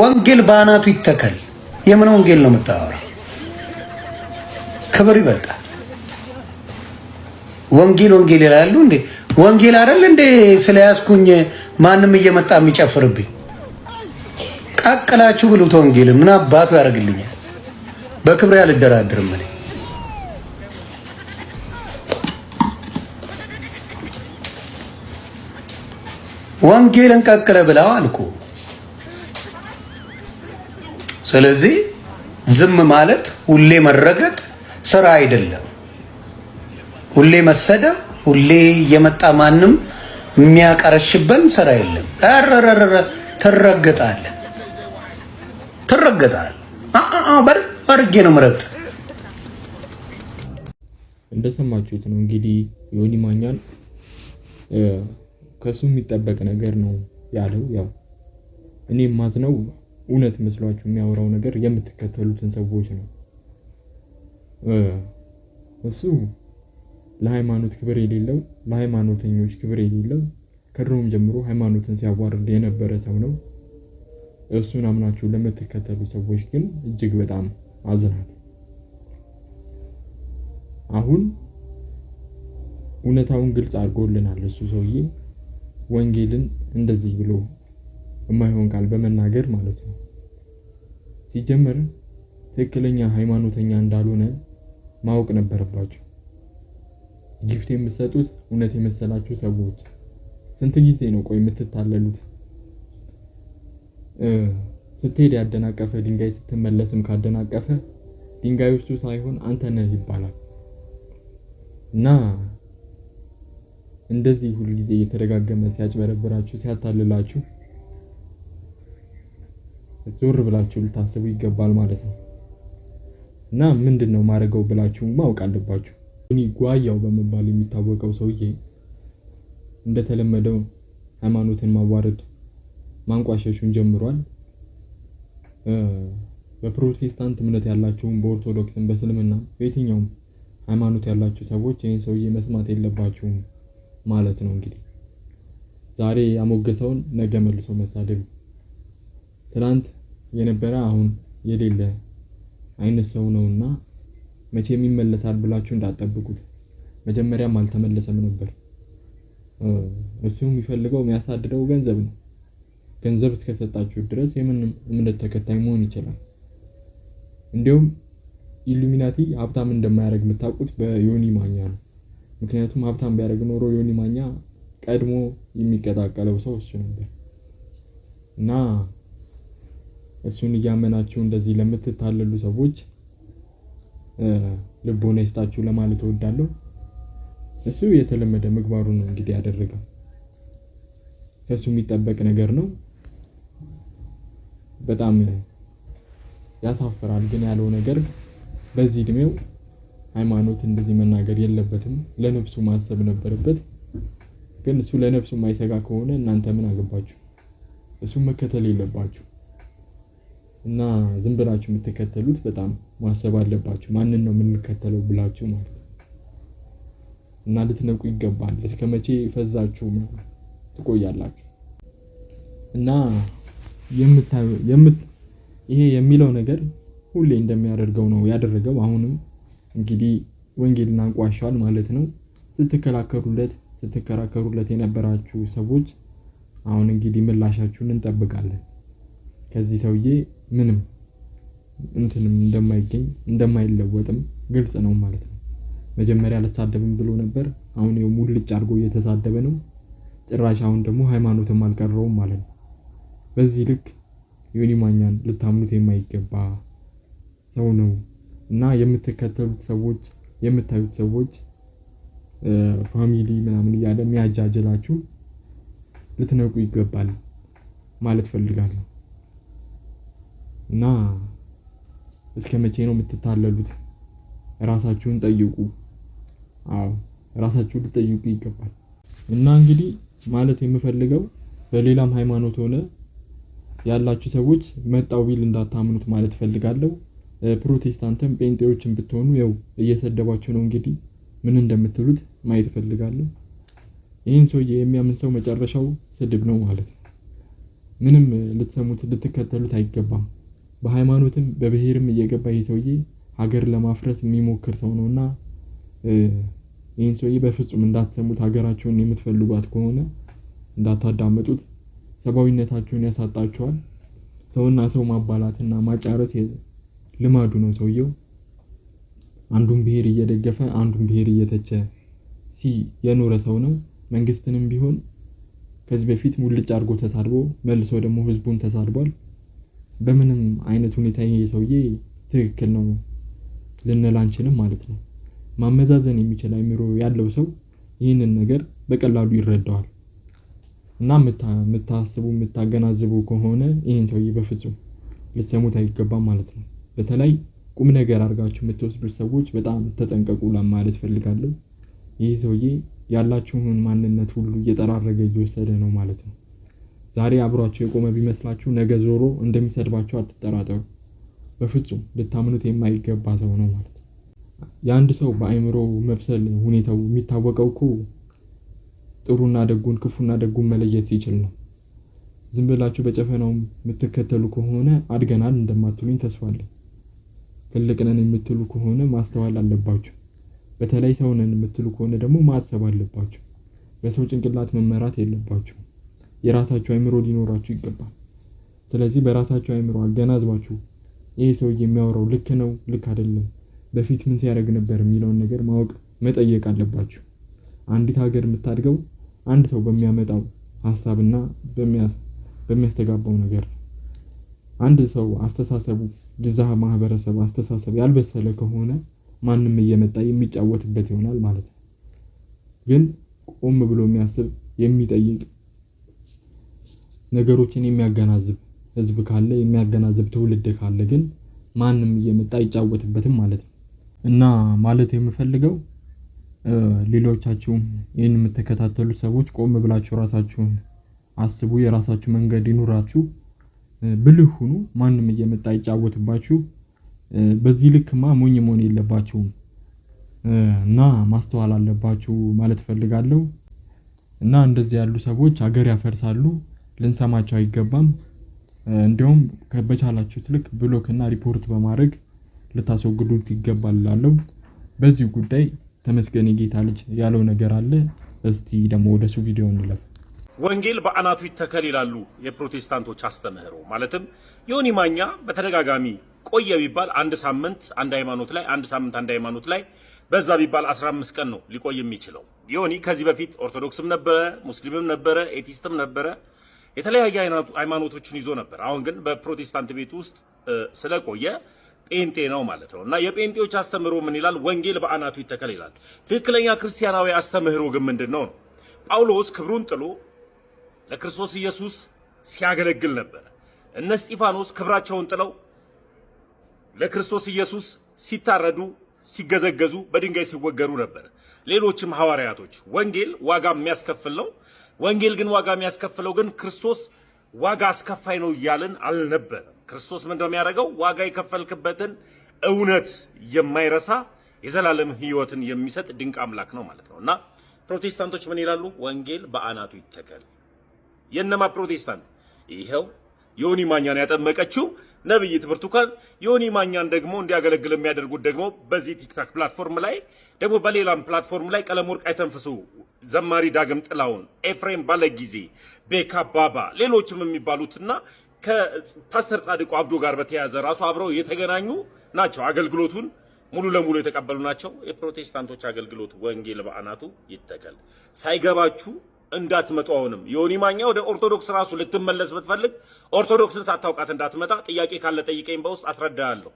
ወንጌል በአናቱ ይተከል። የምን ወንጌል ነው የምታወራው? ክብር ይበልጣል። ወንጌል ወንጌል ይላሉ እንዴ? ወንጌል አይደል እንዴ? ስለያዝኩኝ ማንም እየመጣ የሚጨፍርብኝ ቀቅላችሁ ብሉት። ወንጌል ምን አባቱ ያደርግልኛል? በክብሬ አልደራደርም እኔ ወንጌልን ቀቅለ ብላው አልኩ። ስለዚህ ዝም ማለት ሁሌ መረገጥ ስራ አይደለም። ሁሌ መሰደብ፣ ሁሌ የመጣ ማንም የሚያቀረሽበን ስራ የለም። ረረረረ ትረገጣለህ፣ ትረገጣለህ። በር አድርጌ ነው ምረጥ። እንደሰማችሁት ነው እንግዲህ ዮኒ ማኛን ከሱ የሚጠበቅ ነገር ነው ያለው። ያው እኔ ማዝነው እውነት መስሏችሁ የሚያወራው ነገር የምትከተሉትን ሰዎች ነው። እሱ ለሃይማኖት ክብር የሌለው ለሃይማኖተኞች ክብር የሌለው ከድሮም ጀምሮ ሃይማኖትን ሲያዋርድ የነበረ ሰው ነው። እሱን አምናችሁ ለምትከተሉ ሰዎች ግን እጅግ በጣም አዝናል። አሁን እውነታውን ግልጽ አድርጎልናል። እሱ ሰውዬ ወንጌልን እንደዚህ ብሎ የማይሆን ቃል በመናገር ማለት ነው። ሲጀመር ትክክለኛ ሃይማኖተኛ እንዳልሆነ ማወቅ ነበረባቸው። ጊፍት የምትሰጡት እውነት የመሰላችሁ ሰዎች ስንት ጊዜ ነው ቆይ የምትታለሉት? ስትሄድ ያደናቀፈ ድንጋይ ስትመለስም ካደናቀፈ ድንጋይ ድንጋዮቹ ሳይሆን አንተ ነህ ይባላል። እና እንደዚህ ሁልጊዜ እየተደጋገመ ሲያጭበረብራችሁ ሲያታልላችሁ ዞር ብላችሁ ልታስቡ ይገባል ማለት ነው። እና ምንድን ነው ማድረገው ብላችሁ ማወቅ አለባችሁ። ጆኒ ጓያው በመባል የሚታወቀው ሰውዬ እንደተለመደው ሃይማኖትን ማዋረድ ማንቋሸሹን ጀምሯል። በፕሮቴስታንት እምነት ያላችሁም፣ በኦርቶዶክስም፣ በእስልምና በየትኛውም ሃይማኖት ያላችሁ ሰዎች ይህን ሰውዬ መስማት የለባችሁም ማለት ነው። እንግዲህ ዛሬ ያሞገሰውን ነገ መልሶ መሳደብ ትናንት የነበረ አሁን የሌለ አይነት ሰው ነውና መቼም ይመለሳል ብላችሁ እንዳጠብቁት መጀመሪያም አልተመለሰም ነበር። እሱ የሚፈልገው የሚያሳድደው ገንዘብ ነው። ገንዘብ እስከሰጣችሁ ድረስ የምንም እምነት ተከታይ መሆን ይችላል። እንዲሁም ኢሉሚናቲ ሀብታም እንደማያደርግ የምታውቁት በዮኒ ማኛ ነው። ምክንያቱም ሀብታም ቢያደርግ ኖሮ ዮኒ ማኛ ቀድሞ የሚቀጣቀለው ሰው እሱ ነበር እና እሱን እያመናችሁ እንደዚህ ለምትታለሉ ሰዎች ልቦና ይስጣችሁ ለማለት እወዳለሁ። እሱ የተለመደ ምግባሩ ነው እንግዲህ ያደረገው ከእሱ የሚጠበቅ ነገር ነው። በጣም ያሳፍራል ግን ያለው ነገር በዚህ እድሜው ሃይማኖት እንደዚህ መናገር የለበትም። ለነፍሱ ማሰብ ነበረበት። ግን እሱ ለነፍሱ የማይሰጋ ከሆነ እናንተ ምን አገባችሁ? እሱ መከተል የለባችሁ። እና ዝም ብላችሁ የምትከተሉት በጣም ማሰብ አለባችሁ። ማንን ነው የምንከተለው ብላችሁ ማለት ነው። እና ልትነቁ ይገባል። እስከ መቼ ፈዛችሁ ትቆያላችሁ? እና ይሄ የሚለው ነገር ሁሌ እንደሚያደርገው ነው ያደረገው። አሁንም እንግዲህ ወንጌል እናንቋሻል ማለት ነው። ስትከላከሉለት ስትከራከሩለት የነበራችሁ ሰዎች አሁን እንግዲህ ምላሻችሁን እንጠብቃለን ከዚህ ሰውዬ ምንም እንትንም እንደማይገኝ እንደማይለወጥም ግልጽ ነው ማለት ነው። መጀመሪያ አልሳደብም ብሎ ነበር። አሁን ይኸው ሙልጭ አድርጎ እየተሳደበ ነው። ጭራሽ አሁን ደግሞ ሃይማኖትም አልቀረውም ማለት ነው። በዚህ ልክ ዮኒ ማኛን ልታምኑት የማይገባ ሰው ነው እና የምትከተሉት ሰዎች የምታዩት ሰዎች ፋሚሊ ምናምን እያለ የሚያጃጅላችሁ ልትነቁ ይገባል ማለት ፈልጋለሁ። እና እስከ መቼ ነው የምትታለሉት? ራሳችሁን ጠይቁ። አዎ ራሳችሁን ልትጠይቁ ይገባል። እና እንግዲህ ማለት የምፈልገው በሌላም ሃይማኖት ሆነ ያላችሁ ሰዎች መጣው ቢል እንዳታምኑት ማለት ፈልጋለሁ ፕሮቴስታንትም ጴንጤዎችን ብትሆኑ ያው እየሰደባችሁ ነው እንግዲህ ምን እንደምትሉት ማየት ፈልጋለሁ? ይህን ሰውዬ የሚያምን ሰው መጨረሻው ስድብ ነው ማለት ነው። ምንም ልትሰሙት ልትከተሉት አይገባም። በሃይማኖትም በብሄርም እየገባ ይህ ሰውዬ ሀገር ለማፍረስ የሚሞክር ሰው ነውና ይህን ሰውዬ በፍጹም እንዳትሰሙት ሀገራቸውን የምትፈልጓት ከሆነ እንዳታዳምጡት ሰብአዊነታቸውን ያሳጣቸዋል። ሰውና ሰው ማባላትና ማጫረስ ልማዱ ነው ሰውየው። አንዱን ብሄር እየደገፈ አንዱን ብሄር እየተቸ ሲ የኖረ ሰው ነው። መንግስትንም ቢሆን ከዚህ በፊት ሙልጭ አድርጎ ተሳድቦ መልሶ ደግሞ ህዝቡን ተሳድቧል። በምንም አይነት ሁኔታ ይሄ ሰውዬ ትክክል ነው ልንል አንችልም ማለት ነው። ማመዛዘን የሚችል አይምሮ ያለው ሰው ይህንን ነገር በቀላሉ ይረዳዋል። እና የምታስቡ የምታገናዝቡ ከሆነ ይሄን ሰውዬ በፍጹም ልትሰሙት አይገባም ማለት ነው። በተለይ ቁም ነገር አድርጋችሁ የምትወስዱት ሰዎች በጣም ተጠንቀቁ ለማለት ፈልጋለሁ። ይህ ሰውዬ ያላችሁን ማንነት ሁሉ እየጠራረገ እየወሰደ ነው ማለት ነው ዛሬ አብሯቸው የቆመ ቢመስላችሁ ነገ ዞሮ እንደሚሰድባቸው አትጠራጠሩ። በፍጹም ልታምኑት የማይገባ ሰው ነው ማለት ነው። የአንድ ሰው በአእምሮ መብሰል ሁኔታው የሚታወቀው እኮ ጥሩና ደጉን ክፉና ደጉን መለየት ሲችል ነው። ዝም ብላችሁ በጨፈናው የምትከተሉ ከሆነ አድገናል እንደማትሉኝ ተስፋለን። ትልቅነን ትልቅ ነን የምትሉ ከሆነ ማስተዋል አለባችሁ። በተለይ ሰው ነን የምትሉ ከሆነ ደግሞ ማሰብ አለባችሁ። በሰው ጭንቅላት መመራት የለባችሁ። የራሳቸው አይምሮ ሊኖራችሁ ይገባል። ስለዚህ በራሳቸው አይምሮ አገናዝባችሁ ይሄ ሰው የሚያወራው ልክ ነው ልክ አይደለም፣ በፊት ምን ሲያደርግ ነበር የሚለውን ነገር ማወቅ መጠየቅ አለባችሁ። አንዲት ሀገር የምታድገው አንድ ሰው በሚያመጣው ሀሳብና በሚያስተጋባው ነገር አንድ ሰው አስተሳሰቡ የዛ ማህበረሰብ አስተሳሰብ ያልበሰለ ከሆነ ማንም እየመጣ የሚጫወትበት ይሆናል ማለት ነው። ግን ቆም ብሎ የሚያስብ የሚጠይቅ ነገሮችን የሚያገናዝብ ህዝብ ካለ የሚያገናዝብ ትውልድ ካለ ግን ማንም እየመጣ አይጫወትበትም ማለት ነው። እና ማለት የምፈልገው ሌሎቻችሁም ይህን የምትከታተሉ ሰዎች ቆም ብላችሁ ራሳችሁን አስቡ። የራሳችሁ መንገድ ይኑራችሁ፣ ብልህ ሁኑ። ማንም እየመጣ አይጫወትባችሁ። በዚህ ልክማ ሞኝ መሆን የለባችሁም እና ማስተዋል አለባችሁ ማለት እፈልጋለሁ። እና እንደዚህ ያሉ ሰዎች ሀገር ያፈርሳሉ። ልንሰማቸው አይገባም። እንዲሁም በቻላችሁት ልክ ብሎክ እና ሪፖርት በማድረግ ልታስወግዱት ይገባል እላለሁ። በዚህ ጉዳይ ተመስገን የጌታ ልጅ ያለው ነገር አለ። እስቲ ደግሞ ወደሱ ቪዲዮ እንለፍ። ወንጌል በአናቱ ይተከል ይላሉ የፕሮቴስታንቶች አስተምህሮ። ማለትም ዮኒ ማኛ በተደጋጋሚ ቆየ ቢባል አንድ ሳምንት አንድ ሃይማኖት ላይ አንድ ሳምንት አንድ ሃይማኖት ላይ በዛ ቢባል 15 ቀን ነው ሊቆይ የሚችለው። ዮኒ ከዚህ በፊት ኦርቶዶክስም ነበረ፣ ሙስሊምም ነበረ፣ ኤቲስትም ነበረ የተለያየ ሃይማኖቶችን ይዞ ነበር። አሁን ግን በፕሮቴስታንት ቤት ውስጥ ስለቆየ ጴንጤ ነው ማለት ነው። እና የጴንጤዎች አስተምህሮ ምን ይላል? ወንጌል በአናቱ ይተከል ይላል። ትክክለኛ ክርስቲያናዊ አስተምህሮ ግን ምንድን ነው ነው? ጳውሎስ ክብሩን ጥሎ ለክርስቶስ ኢየሱስ ሲያገለግል ነበረ። እነ እስጢፋኖስ ክብራቸውን ጥለው ለክርስቶስ ኢየሱስ ሲታረዱ፣ ሲገዘገዙ፣ በድንጋይ ሲወገሩ ነበር። ሌሎችም ሐዋርያቶች ወንጌል ዋጋ የሚያስከፍል ነው ወንጌል ግን ዋጋ የሚያስከፍለው ግን ክርስቶስ ዋጋ አስከፋይ ነው እያልን አልነበረም። ክርስቶስ ምንድነው የሚያደርገው? ዋጋ የከፈልክበትን እውነት የማይረሳ የዘላለም ሕይወትን የሚሰጥ ድንቅ አምላክ ነው ማለት ነው። እና ፕሮቴስታንቶች ምን ይላሉ? ወንጌል በአናቱ ይተከል። የነማ ፕሮቴስታንት ይኸው ዮኒ ማኛን ያጠመቀችው ነብይት ብርቱካን ዮኒ ማኛን ደግሞ እንዲያገለግል የሚያደርጉት ደግሞ በዚህ ቲክታክ ፕላትፎርም ላይ ደግሞ በሌላም ፕላትፎርም ላይ ቀለም ወርቅ አይተንፍሱ፣ ዘማሪ ዳግም ጥላውን፣ ኤፍሬም ባለጊዜ፣ ቤካ ባባ፣ ሌሎችም የሚባሉትና ከፓስተር ጻድቁ አብዶ ጋር በተያያዘ ራሱ አብረው የተገናኙ ናቸው። አገልግሎቱን ሙሉ ለሙሉ የተቀበሉ ናቸው። የፕሮቴስታንቶች አገልግሎት ወንጌል በአናቱ ይተከል። ሳይገባችሁ እንዳትመጡ አሁንም ዮኒ ማኛ ወደ ኦርቶዶክስ ራሱ ልትመለስ ብትፈልግ ኦርቶዶክስን ሳታውቃት እንዳትመጣ። ጥያቄ ካለ ጠይቀኝ፣ በውስጥ አስረዳሃለሁ።